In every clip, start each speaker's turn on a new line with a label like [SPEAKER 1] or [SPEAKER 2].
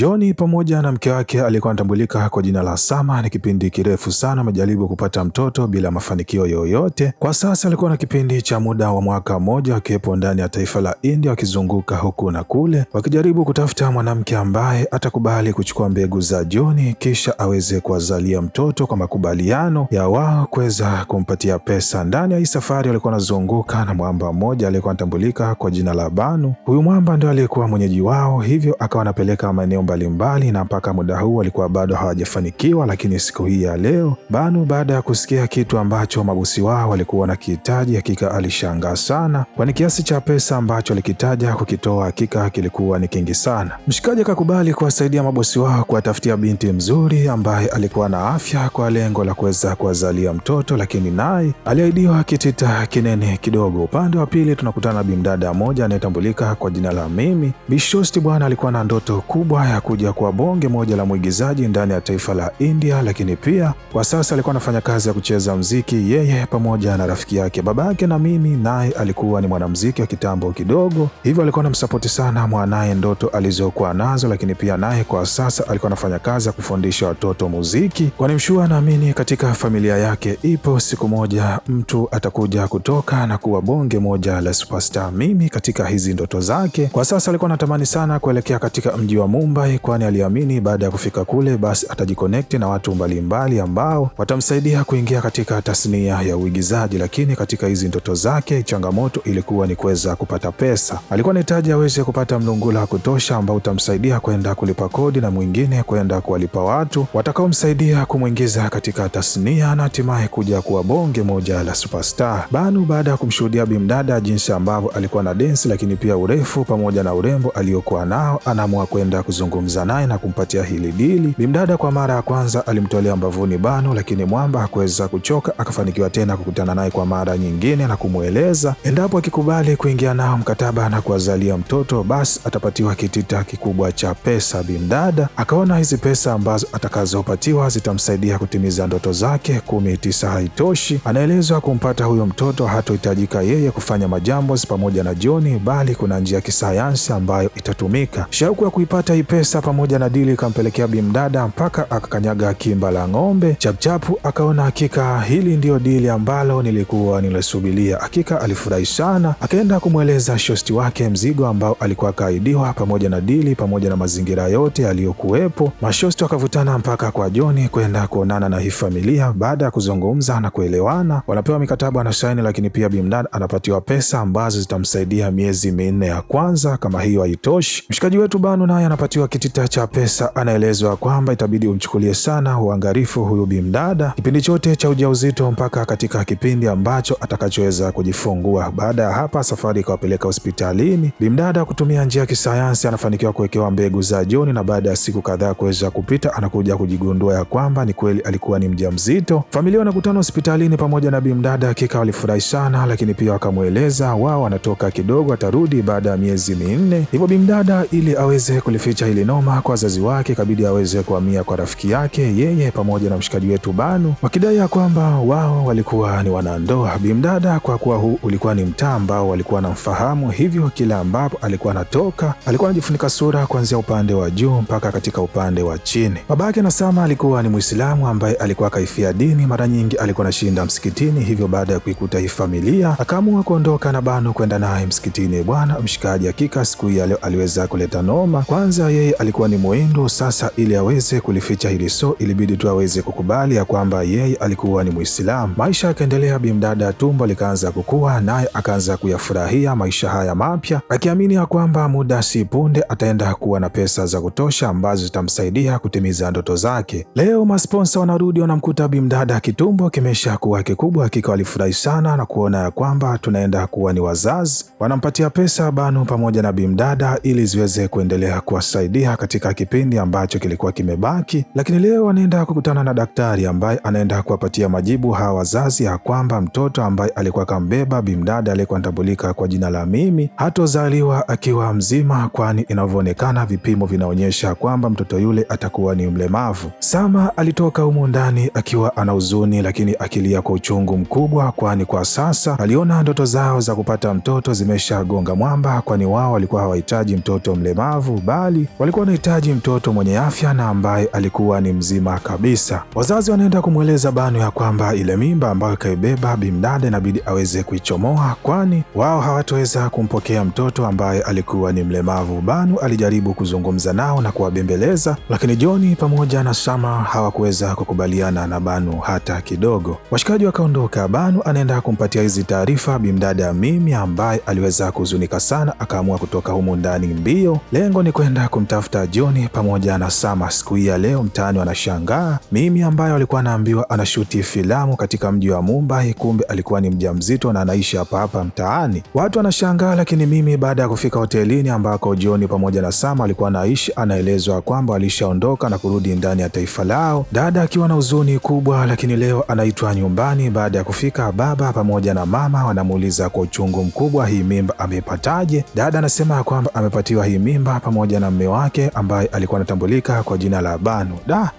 [SPEAKER 1] Johni pamoja na mke wake alikuwa anatambulika kwa jina la Sama. Ni kipindi kirefu sana amejaribu kupata mtoto bila mafanikio yoyote. Kwa sasa alikuwa na kipindi cha muda wa mwaka mmoja wakiwepo ndani ya taifa la India, wakizunguka huku na kule wakijaribu kutafuta mwanamke ambaye atakubali kuchukua mbegu za Johni kisha aweze kuwazalia mtoto kwa makubaliano ya wao kuweza kumpatia pesa. Ndani ya hii safari walikuwa anazunguka na mwamba mmoja aliyekuwa anatambulika kwa jina la Banu. Huyu mwamba ndio aliyekuwa mwenyeji wao, hivyo akawa anapeleka maeneo mbalimbali mbali, na mpaka muda huu walikuwa bado hawajafanikiwa. Lakini siku hii ya leo Banu, baada ya kusikia kitu ambacho mabosi wao walikuwa kihitaji hakika alishangaa sana, kwani kiasi cha pesa ambacho alikitaja kukitoa hakika kilikuwa ni kingi sana. Mshikaji akakubali kuwasaidia mabosi wao kuwatafutia binti mzuri ambaye alikuwa na afya kwa lengo la kuweza kuwazalia mtoto, lakini naye aliahidiwa kitita kinene kidogo. Upande wa pili tunakutana na bimdada moja anayetambulika kwa jina la Mimi. Bishosti bwana alikuwa na ndoto kubwa ya anakuja kuja kwa bonge moja la mwigizaji ndani ya taifa la India, lakini pia kwa sasa alikuwa anafanya kazi ya kucheza mziki yeye pamoja na rafiki yake babake na mimi, naye alikuwa ni mwanamziki wa kitambo kidogo, hivyo alikuwa anamsapoti sana mwanaye ndoto alizokuwa nazo, lakini pia naye kwa sasa alikuwa anafanya kazi ya kufundisha watoto muziki, kwani mshua naamini katika familia yake ipo siku moja mtu atakuja kutoka na kuwa bonge moja la superstar. Mimi katika hizi ndoto zake kwa sasa alikuwa anatamani sana kuelekea katika mji wa Mumbai standby, kwani aliamini baada ya kufika kule basi atajikonekti na watu mbalimbali ambao watamsaidia kuingia katika tasnia ya uigizaji. Lakini katika hizi ndoto zake, changamoto ilikuwa ni kuweza kupata pesa. Alikuwa anahitaji aweze kupata mlungula wa kutosha ambao utamsaidia kwenda kulipa kodi na mwingine kwenda kuwalipa watu watakaomsaidia kumwingiza katika tasnia na hatimaye kuja kuwa bonge moja la superstar. Banu baada ya kumshuhudia bimdada jinsi ambavyo alikuwa na densi, lakini pia urefu pamoja na urembo aliyokuwa nao, anaamua kwenda kuzunguka kuzungumza naye na kumpatia hili dili. Bimdada kwa mara ya kwanza alimtolea mbavuni bano, lakini mwamba hakuweza kuchoka, akafanikiwa tena kukutana naye kwa mara nyingine na kumweleza endapo akikubali kuingia nao mkataba na kuwazalia mtoto, basi atapatiwa kitita kikubwa cha pesa. Bimdada akaona hizi pesa ambazo atakazopatiwa zitamsaidia kutimiza ndoto zake kumi. Tisa haitoshi, anaelezwa kumpata huyo mtoto hatohitajika yeye kufanya majambo pamoja na joni bali kuna njia ya kisayansi ambayo itatumika. Shauku ya kuipata hii pesa pamoja na dili ikampelekea bimdada mpaka akakanyaga kimba la ng'ombe chapchapu. Akaona hakika hili ndiyo dili ambalo nilikuwa nilisubilia. Hakika alifurahi sana, akaenda kumweleza shosti wake mzigo ambao alikuwa akaahidiwa pamoja na dili pamoja na mazingira yote yaliyokuwepo. Mashosti wakavutana mpaka kwa Joni kwenda kuonana na hii familia. Baada ya kuzungumza na kuelewana, wanapewa mikataba na saini, lakini pia bimdada anapatiwa pesa ambazo zitamsaidia miezi minne ya kwanza. Kama hiyo haitoshi, mshikaji wetu Banu naye anapatiwa kitita cha pesa anaelezwa kwamba itabidi umchukulie sana uangalifu huyu bimdada kipindi chote cha ujauzito mpaka katika kipindi ambacho atakachoweza kujifungua. Baada ya hapa, safari ikawapeleka hospitalini. Bimdada kutumia njia ya kisayansi anafanikiwa kuwekewa mbegu za Joni, na baada ya siku kadhaa kuweza kupita, anakuja kujigundua ya kwamba ni kweli alikuwa ni mjamzito. Familia wanakutana hospitalini pamoja na bimdada, hakika walifurahi sana, lakini pia wakamweleza wao anatoka kidogo, atarudi baada ya miezi minne. Hivyo bimdada ili aweze kulificha hili noma kwa wazazi wake, ikabidi aweze kuhamia kwa rafiki yake yeye pamoja na mshikaji wetu Banu, wakidai ya kwamba wao walikuwa ni wanandoa. Bimdada, kwa kuwa huu ulikuwa ni mtaa ambao walikuwa wanamfahamu, hivyo kila ambapo alikuwa anatoka alikuwa anajifunika sura kuanzia upande wa juu mpaka katika upande wa chini. Babake na Sama alikuwa ni Mwislamu ambaye alikuwa kaifia dini, mara nyingi alikuwa anashinda msikitini, hivyo baada ya kuikuta hii familia akaamua kuondoka na Banu kwenda naye msikitini. Bwana mshikaji, hakika siku hii aliweza kuleta noma. Kwanza yeye alikuwa ni Mhindu. Sasa ili aweze kulificha hili so ilibidi tu aweze kukubali ya kwamba yeye alikuwa ni Muislamu. Maisha yakaendelea, bimdada tumbo likaanza kukua, naye akaanza kuyafurahia maisha haya mapya, akiamini ya kwamba muda si punde ataenda kuwa na pesa za kutosha ambazo zitamsaidia kutimiza ndoto zake. Leo masponsa wanarudi wanamkuta bimdada kitumbo kimesha kuwa kikubwa. Hakika walifurahi sana na kuona ya kwamba tunaenda kuwa ni wazazi. Wanampatia pesa Banu pamoja na bimdada ili ziweze kuendelea kuwasaidia kumkimbia katika kipindi ambacho kilikuwa kimebaki, lakini leo anaenda kukutana na daktari ambaye anaenda kuwapatia majibu hawa wazazi ya kwamba mtoto ambaye alikuwa kambeba bimdada aliyekuwa anatambulika kwa jina la Mimi hatozaliwa akiwa mzima, kwani inavyoonekana vipimo vinaonyesha kwamba mtoto yule atakuwa ni mlemavu. Sama alitoka humo ndani akiwa ana huzuni, lakini akilia kwa uchungu mkubwa, kwani kwa sasa aliona ndoto zao za kupata mtoto zimeshagonga mwamba, kwani wao walikuwa hawahitaji mtoto mlemavu bali walikuwa wanahitaji mtoto mwenye afya na ambaye alikuwa ni mzima kabisa. Wazazi wanaenda kumweleza banu ya kwamba ile mimba ambayo kaibeba Bimdada inabidi aweze kuichomoa, kwani wao hawatoweza kumpokea mtoto ambaye alikuwa ni mlemavu. banu alijaribu kuzungumza nao na kuwabembeleza, lakini Joni pamoja na Sama hawakuweza kukubaliana na banu hata kidogo. Washikaji wakaondoka. banu anaenda kumpatia hizi taarifa Bimdada Mimi ambaye aliweza kuhuzunika sana, akaamua kutoka humu ndani mbio. Lengo ni kwenda kum kumtafuta John pamoja na Sama siku hii ya leo. Mtaani wanashangaa Mimi ambaye alikuwa anaambiwa anashuti filamu katika mji wa Mumbai, kumbe alikuwa ni mja mzito na anaishi hapa hapa mtaani. Watu wanashangaa, lakini Mimi baada ya kufika hotelini ambako John pamoja na Sama alikuwa anaishi, anaelezwa kwamba alishaondoka na kurudi ndani ya taifa lao, dada akiwa na huzuni kubwa, lakini leo anaitwa nyumbani. Baada ya kufika, baba pamoja na mama wanamuuliza kwa uchungu mkubwa, hii mimba ameipataje? Dada anasema ya kwamba amepatiwa hii mimba pamoja na mmewa wake ambaye alikuwa anatambulika kwa jina la Banu. Da,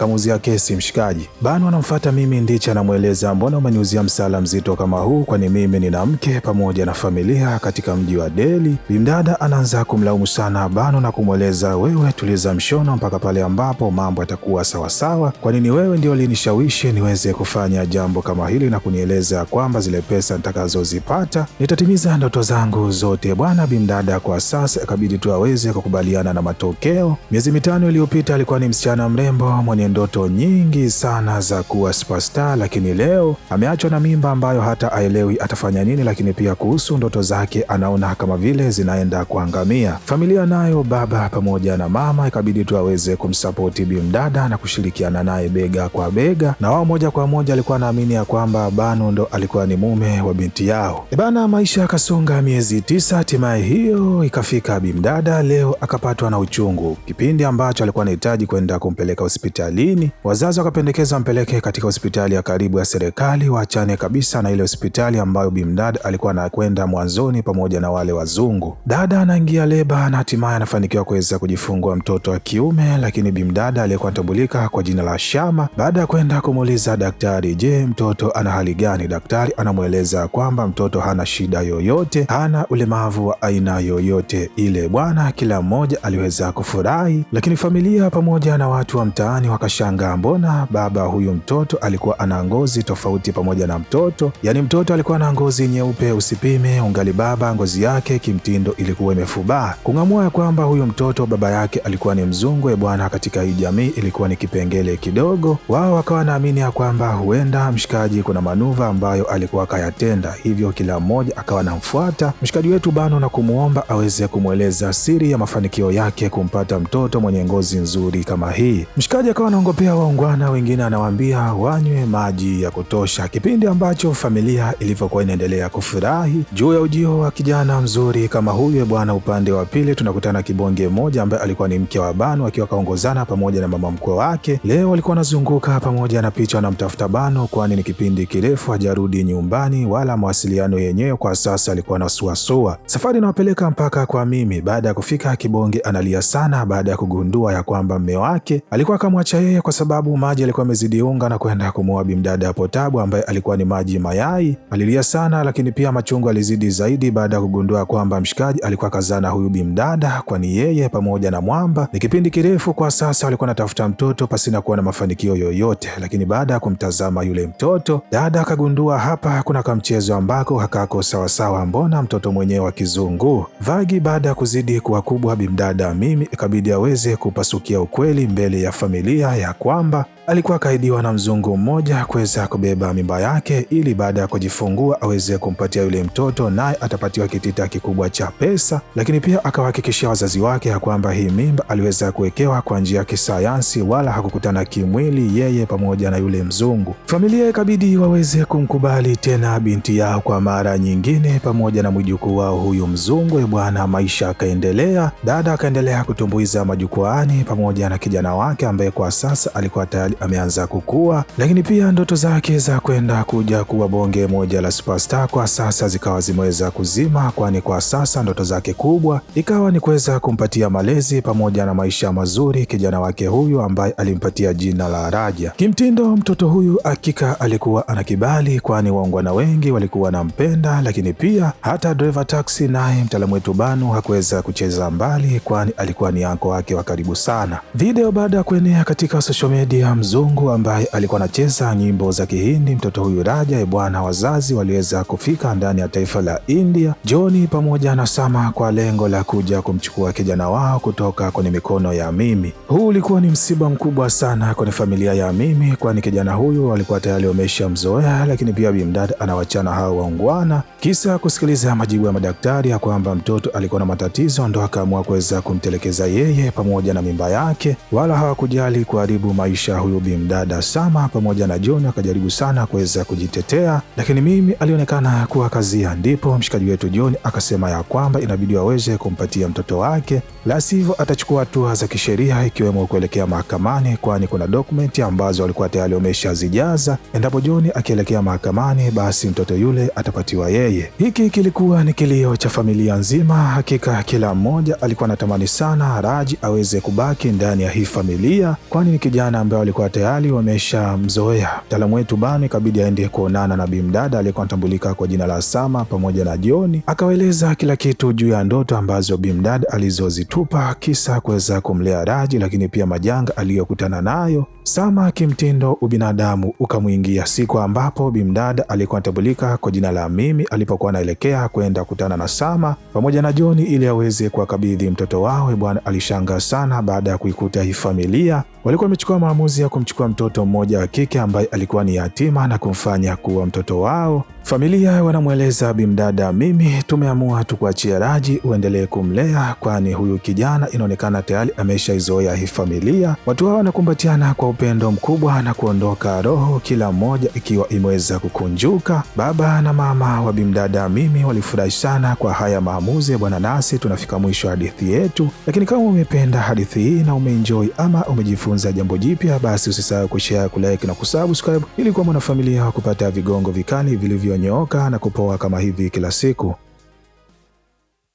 [SPEAKER 1] kamuzia kesi mshikaji. bano anamfata mimi, Ndichi anamweleza mbona umeniuzia msala mzito kama huu, kwani mimi nina mke pamoja na familia katika mji wa deli Bimdada anaanza kumlaumu sana bano na kumweleza wewe, tuliza mshono mpaka pale ambapo mambo yatakuwa sawasawa, kwani wewe ndio linishawishi niweze kufanya jambo kama hili na kunieleza kwamba zile pesa nitakazozipata nitatimiza ndoto zangu zote. Bwana bimdada kwa sasa ikabidi tu aweze kukubaliana na matokeo. Miezi mitano iliyopita alikuwa ni msichana mrembo mwenye ndoto nyingi sana za kuwa superstar, lakini leo ameachwa na mimba ambayo hata aelewi atafanya nini, lakini pia kuhusu ndoto zake anaona kama vile zinaenda kuangamia. Familia nayo, baba pamoja na mama, ikabidi tu aweze kumsapoti bimdada na kushirikiana naye bega kwa bega, na wao moja kwa moja alikuwa anaamini ya kwamba Banu ndo alikuwa ni mume wa binti yao. Ebana, maisha akasonga miezi tisa, hatimaye hiyo ikafika. Bimdada leo akapatwa na uchungu, kipindi ambacho alikuwa anahitaji kwenda kumpeleka hospitali hospitalini, wazazi wakapendekeza mpeleke katika hospitali ya karibu ya serikali, waachane kabisa na ile hospitali ambayo Bimdad alikuwa anakwenda mwanzoni pamoja na wale wazungu. Dada anaingia leba na hatimaye anafanikiwa kuweza kujifungua mtoto wa kiume, lakini Bimdad aliyekuwa anatambulika kwa jina la Shama, baada ya kwenda kumuuliza daktari, je, mtoto ana hali gani? Daktari anamweleza kwamba mtoto hana shida yoyote, hana ulemavu wa aina yoyote ile. Bwana, kila mmoja aliweza kufurahi, lakini familia pamoja na watu wa mtaani waka wakashangaa, mbona baba huyu mtoto alikuwa ana ngozi tofauti pamoja na mtoto? Yaani mtoto alikuwa na ngozi nyeupe usipime, ungali baba ngozi yake kimtindo ilikuwa imefubaa. Kung'amua ya kwamba huyu mtoto baba yake alikuwa ni mzungu, bwana katika hii jamii ilikuwa ni kipengele kidogo. Wao wakawa naamini ya kwamba huenda mshikaji kuna manuva ambayo alikuwa akayatenda, hivyo kila mmoja akawa anamfuata mshikaji wetu bano na kumwomba aweze kumweleza siri ya mafanikio yake kumpata mtoto mwenye ngozi nzuri kama hii. Mshikaji akawa wanaongopea waungwana, wengine anawaambia wanywe maji ya kutosha, kipindi ambacho familia ilivyokuwa inaendelea kufurahi juu ya ujio wa kijana mzuri kama huyu bwana. Upande wa pili tunakutana kibonge mmoja ambaye alikuwa ni mke wa Bano, akiwa kaongozana pamoja na mama mkwe wake. Leo walikuwa anazunguka pamoja na picha anamtafuta Bano, kwani ni kipindi kirefu hajarudi nyumbani wala mawasiliano yenyewe kwa sasa alikuwa nasuasua Safari inawapeleka mpaka kwa Mimi. Baada ya kufika, kibonge analia sana baada ya kugundua ya kwamba mme wake alikuwa akamwacha yeye kwa sababu maji alikuwa amezidi unga na kwenda kumuoa bimdada hapo Tabu, ambaye alikuwa ni maji mayai. Alilia sana, lakini pia machungu alizidi zaidi baada ya kugundua kwamba mshikaji alikuwa kazana huyu bimdada, kwani yeye pamoja na Mwamba ni kipindi kirefu kwa sasa walikuwa anatafuta mtoto pasina kuwa na mafanikio yoyote. Lakini baada ya kumtazama yule mtoto dada akagundua hapa kuna kamchezo ambako hakako sawasawa, mbona mtoto mwenyewe wa kizungu vagi. Baada ya kuzidi kuwa kubwa bimdada mimi ikabidi aweze kupasukia ukweli mbele ya familia ya kwamba Alikuwa kaidiwa na mzungu mmoja kuweza kubeba mimba yake ili baada ya kujifungua aweze kumpatia yule mtoto, naye atapatiwa kitita kikubwa cha pesa, lakini pia akawahakikishia wazazi wake ya kwamba hii mimba aliweza kuwekewa kwa njia ya kisayansi, wala hakukutana kimwili yeye pamoja na yule mzungu. Familia ikabidi waweze kumkubali tena binti yao kwa mara nyingine, pamoja na mjukuu wao huyu mzungu. E Bwana, maisha akaendelea, dada akaendelea kutumbuiza majukwaani pamoja na kijana wake ambaye kwa sasa alikuwa tayari ameanza kukua, lakini pia ndoto zake za kwenda kuja kuwa bonge moja la superstar kwa sasa zikawa zimeweza kuzima, kwani kwa sasa ndoto zake kubwa ikawa ni kuweza kumpatia malezi pamoja na maisha mazuri kijana wake huyu ambaye alimpatia jina la Raja. Kimtindo mtoto huyu hakika alikuwa ana kibali, kwani waungwana wengi walikuwa wanampenda, lakini pia hata driver taxi naye mtaalamu wetu Banu hakuweza kucheza mbali, kwani alikuwa ni anko wake wa karibu sana. Video baada ya kuenea katika social media mzungu ambaye alikuwa anacheza nyimbo za Kihindi. Mtoto huyu Raja e bwana, wazazi waliweza kufika ndani ya taifa la India, Johnny pamoja na Sama, kwa lengo la kuja kumchukua kijana wao kutoka kwenye mikono ya Mimi. Huu ulikuwa ni msiba mkubwa sana kwenye familia ya Mimi, kwani kijana huyu walikuwa tayari mzoea lakini pia Bimdad anawachana hao waungwana, kisa kusikiliza majibu ya madaktari ya kwamba mtoto alikuwa na matatizo, ndo akaamua kuweza kumtelekeza yeye pamoja na mimba yake, wala hawakujali kuharibu maisha huyu bimdada Sama pamoja na John akajaribu sana kuweza kujitetea, lakini mimi alionekana kuwa kazia. Ndipo mshikaji wetu John akasema ya kwamba inabidi waweze kumpatia mtoto wake, la sivyo atachukua hatua za kisheria, ikiwemo kuelekea mahakamani, kwani kuna dokumenti ambazo walikuwa tayari wameshazijaza. Endapo John akielekea mahakamani, basi mtoto yule atapatiwa yeye. Hiki kilikuwa ni kilio cha familia nzima. Hakika kila mmoja alikuwa anatamani sana Raji aweze kubaki ndani ya hii familia, kwani ni kijana ambaye alikuwa walikuwa tayari wameshamzoea mtaalamu wetu bani ikabidi aende kuonana na bimdada aliyekuwa anatambulika kwa jina la Sama pamoja na Jioni, akawaeleza kila kitu juu ya ndoto ambazo bimdada alizozitupa kisa kuweza kumlea Raji, lakini pia majanga aliyokutana nayo Sama kimtindo ubinadamu ukamwingia siku ambapo Bimdad alikuwa anatambulika kwa jina la Mimi alipokuwa anaelekea kwenda kutana na Sama pamoja na Joni ili aweze kuwakabidhi mtoto wao. Ee Bwana alishangaa sana baada ya kuikuta hii familia walikuwa wamechukua maamuzi ya kumchukua mtoto mmoja wa kike ambaye alikuwa ni yatima na kumfanya kuwa mtoto wao. Familia wanamweleza bimdada, mimi tumeamua tukuachia Raji uendelee kumlea, kwani huyu kijana inaonekana tayari ameshaizoea hii familia. Watu hao wanakumbatiana kwa upendo mkubwa na kuondoka, roho kila mmoja ikiwa imeweza kukunjuka. Baba na mama wa bimdada mimi walifurahi sana kwa haya maamuzi ya bwana Nasi. Tunafika mwisho hadithi yetu. Lakini kama umependa hadithi hii na umeenjoy ama umejifunza jambo jipya, basi usisahau kushare, kulike na kusubscribe ili kuwa mwanafamilia wa kupata vigongo vikali vilivyonyooka na kupoa kama hivi kila siku.